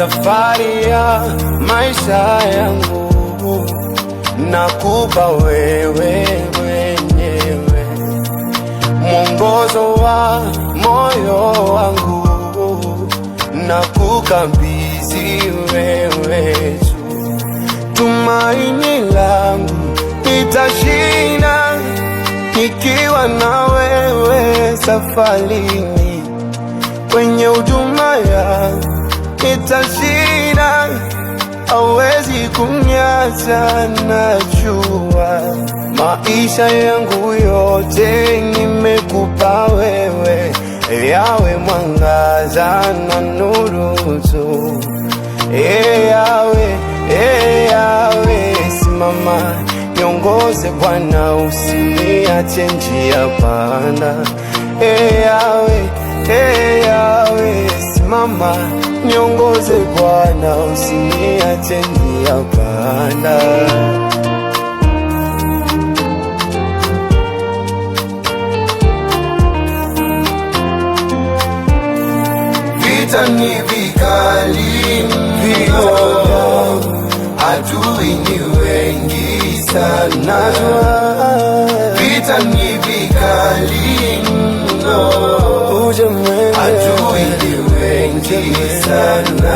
safari ya maisha yangu nakupa wewe mwenyewe, mwongozo wa moyo wangu nakukabidhi wewe tu, tumaini langu nitashinda nikiwa na wewe safarini kwenye huduma yangu itashinda, hawezi kumnyasa, najua maisha yangu yote nimekupa wewe, yawe mwangaza na tu, eh, yawe eh, yawe, simama niongoze Bwana, usiniache njia panda, eh, yawe yawe, simama Niongoze Bwana, usiniache njia Vita ni vikali mno, adui ni wengi sana. Vita ni vikali mno, adui ni wengi sana tena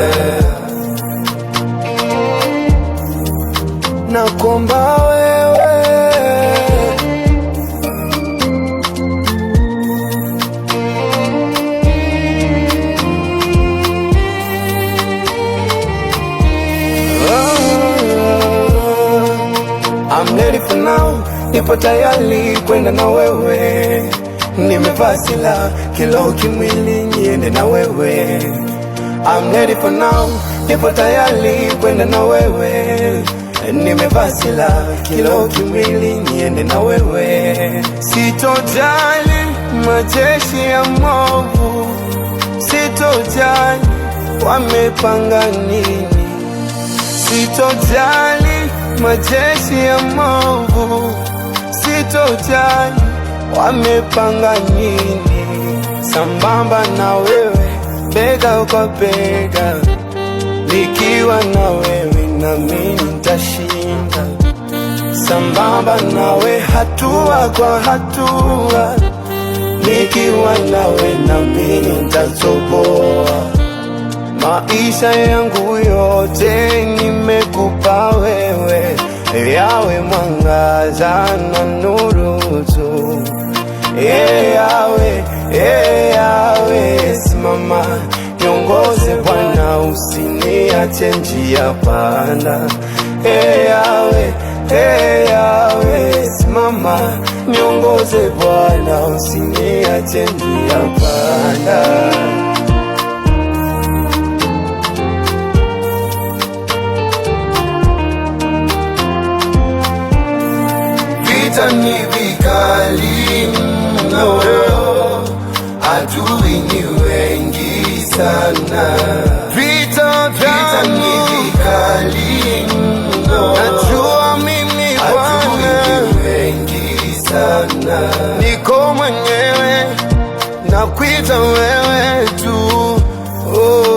na komba wewe I'm ready for now, nipo tayari kwenda na wewe, nimevaa silaha kila ukimwili niende na wewe I'm ready for now, nipo tayari kwenda na wewe, nimevaa silaha kilo kimwili, niende na wewe, sitojali majeshi ya mwovu, sitojali wamepanga nini, sitojali majeshi ya mwovu, sitojali wamepanga nini, sambamba na wewe bega kwa bega, nikiwa na wewe mimi nitashinda, sambamba nawe hatua kwa hatua, nikiwa nawe mimi nitatoboa. Maisha yangu yote nimekupa wewe, yawe mwangaza na nuru tu usiniache njia pana. Hey, Yawe, hey, Yawe, simama niongoze Bwana, usiniache njia pana. Vita ni vikali mno, adui ni wengi sana. sana, niko mwenyewe nakwita wewe tu oh.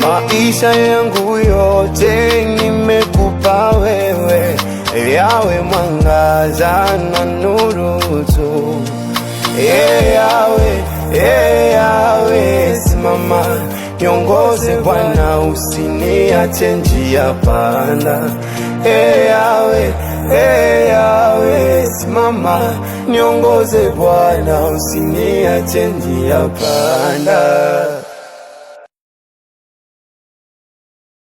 Maisha yangu yote nimekupa wewe, yawe mwangaza na nuru tu Ee Yawe, Ee Yawe, simama niongoze Bwana, usiniache njia panda. Yawe, Yawe, simama niongoze Bwana, usiniache njia panda.